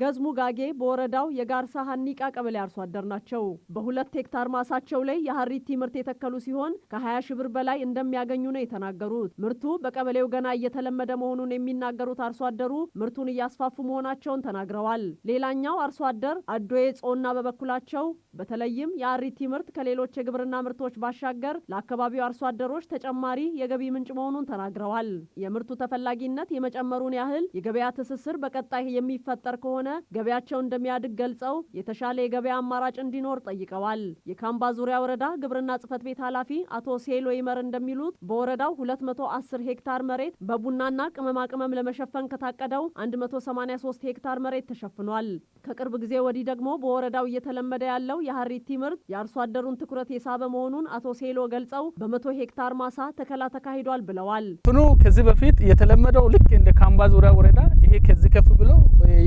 ገዝሙ ጋጌ በወረዳው የጋርሳ ሀኒቃ ቀበሌ አርሶ አደር ናቸው። በሁለት ሄክታር ማሳቸው ላይ የሀሪቲ ምርት የተከሉ ሲሆን ከ20 ሺ ብር በላይ እንደሚያገኙ ነው የተናገሩት። ምርቱ በቀበሌው ገና እየተለመደ መሆኑን የሚናገሩት አርሶ አደሩ ምርቱን እያስፋፉ መሆናቸውን ተናግረዋል። ሌላኛው አርሶ አደር አዶዬ ጾና በበኩላቸው በተለይም የአሪቲ ምርት ከሌሎች የግብርና ምርቶች ባሻገር ለአካባቢው አርሶ አደሮች ተጨማሪ የገቢ ምንጭ መሆኑን ተናግረዋል። የምርቱ ተፈላጊነት የመጨመሩን ያህል የገበያ ትስስር በቀጣይ የሚፈጠር ከሆነ ከሆነ ገበያቸው እንደሚያድግ ገልጸው የተሻለ የገበያ አማራጭ እንዲኖር ጠይቀዋል። የካምባ ዙሪያ ወረዳ ግብርና ጽህፈት ቤት ኃላፊ አቶ ሴሎ ይመር እንደሚሉት በወረዳው 210 ሄክታር መሬት በቡናና ቅመማ ቅመም ለመሸፈን ከታቀደው 183 ሄክታር መሬት ተሸፍኗል። ከቅርብ ጊዜ ወዲህ ደግሞ በወረዳው እየተለመደ ያለው የሀሪቲ ምርት የአርሶ አደሩን ትኩረት የሳበ መሆኑን አቶ ሴሎ ገልጸው በመቶ ሄክታር ማሳ ተከላ ተካሂዷል ብለዋል። ትኑ ከዚህ በፊት የተለመደው ልክ እንደ ካምባ ዙሪያ ወረዳ ይሄ ከዚህ ከፍ ብሎ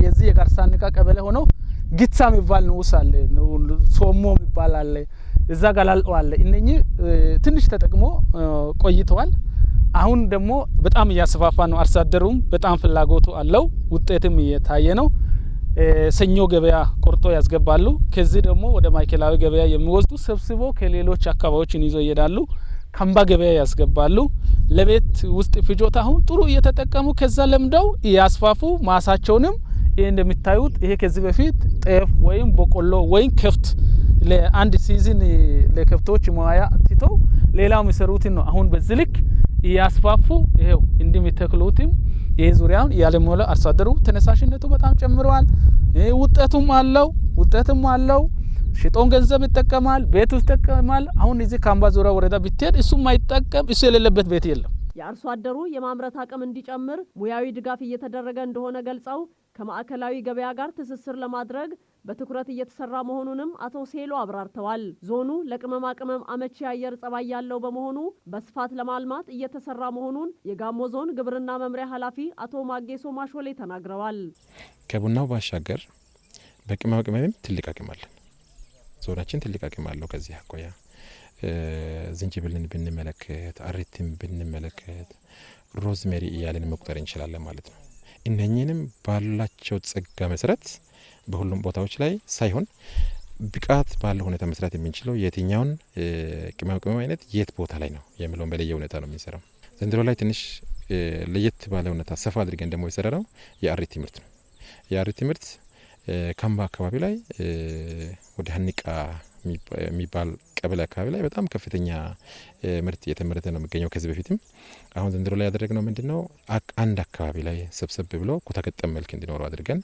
የዚህ የጋርሳንቃ ቀበሌ ሆኖ ጊታ የሚባል ንዑስ አለ፣ ሶሞ የሚባል አለ፣ እዛ ጋላልጦ አለ። እነኚህ ትንሽ ተጠቅሞ ቆይተዋል። አሁን ደግሞ በጣም እያስፋፋ ነው። አርሶ አደሩም በጣም ፍላጎቱ አለው። ውጤትም እየታየ ነው። ሰኞ ገበያ ቆርጦ ያስገባሉ። ከዚህ ደግሞ ወደ ማዕከላዊ ገበያ የሚወስዱ ሰብስቦ ከሌሎች አካባቢዎችን ይዞ ይሄዳሉ። ካምባ ገበያ ያስገባሉ። ለቤት ውስጥ ፍጆታ አሁን ጥሩ እየተጠቀሙ ከዛ ለምደው እያስፋፉ ማሳቸውንም ይህ እንደሚታዩት ይሄ ከዚህ በፊት ጤፍ ወይም በቆሎ ወይም ከፍት ለአንድ ሲዝን ለከብቶች መዋያ ትተው ሌላ የሚሰሩትን ነው። አሁን በዚህ ልክ እያስፋፉ ይሄው እንደሚተክሉትም ይህ ዙሪያውን እያለመለ አርሶ አደሩ ተነሳሽነቱ በጣም ጨምረዋል። ውጠቱም አለው ውጠትም አለው። ሽጦን ገንዘብ ይጠቀማል፣ ቤት ውስጥ ይጠቀማል። አሁን እዚህ ካምባ ዙራ ወረዳ ብትሄድ እሱ ማይጠቀም እሱ የሌለበት ቤት የለም። የአርሶ አደሩ የማምረት አቅም እንዲጨምር ሙያዊ ድጋፍ እየተደረገ እንደሆነ ገልጸው ከማዕከላዊ ገበያ ጋር ትስስር ለማድረግ በትኩረት እየተሰራ መሆኑንም አቶ ሴሎ አብራርተዋል። ዞኑ ለቅመማ ቅመም አመቺ አየር ጸባይ ያለው በመሆኑ በስፋት ለማልማት እየተሰራ መሆኑን የጋሞ ዞን ግብርና መምሪያ ኃላፊ አቶ ማጌሶ ማሾሌ ተናግረዋል። ከቡናው ባሻገር በቅመማ ቅመምም ትልቅ አቅም አለን። ዞናችን ትልቅ አቅም አለው። ከዚህ አኳያ ዝንጅብልን ብንመለከት፣ አሪትን ብንመለከት፣ ሮዝሜሪ እያለን መቁጠር እንችላለን ማለት ነው። እነኚህንም ባላቸው ጸጋ መሰረት በሁሉም ቦታዎች ላይ ሳይሆን ብቃት ባለ ሁኔታ መስራት የምንችለው የትኛውን ቅመማ ቅመም አይነት የት ቦታ ላይ ነው የሚለውን በለየ ሁኔታ ነው የሚሰራው ዘንድሮ ላይ ትንሽ ለየት ባለ ሁኔታ ሰፋ አድርገን ደግሞ የሰራ ነው የአሪት ምርት ነው። የአሪት ምርት ከምባ አካባቢ ላይ ወደ ሀኒቃ የሚባል ቀበሌ አካባቢ ላይ በጣም ከፍተኛ ምርት እየተመረተ ነው የሚገኘው ከዚህ በፊትም። አሁን ዘንድሮ ላይ ያደረግነው ምንድን ነው አንድ አካባቢ ላይ ሰብሰብ ብሎ ኩታ ገጠም መልክ እንዲኖረው አድርገን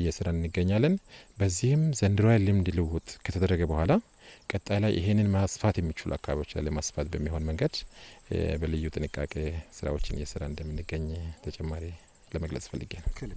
እየሰራን እንገኛለን። በዚህም ዘንድሮ ላይ ልምድ ልውውጥ ከተደረገ በኋላ ቀጣይ ላይ ይሄንን ማስፋት የሚችሉ አካባቢዎች ላይ ለማስፋት በሚሆን መንገድ በልዩ ጥንቃቄ ስራዎችን እየሰራ እንደምንገኝ ተጨማሪ ለመግለጽ ፈልጌ ነው።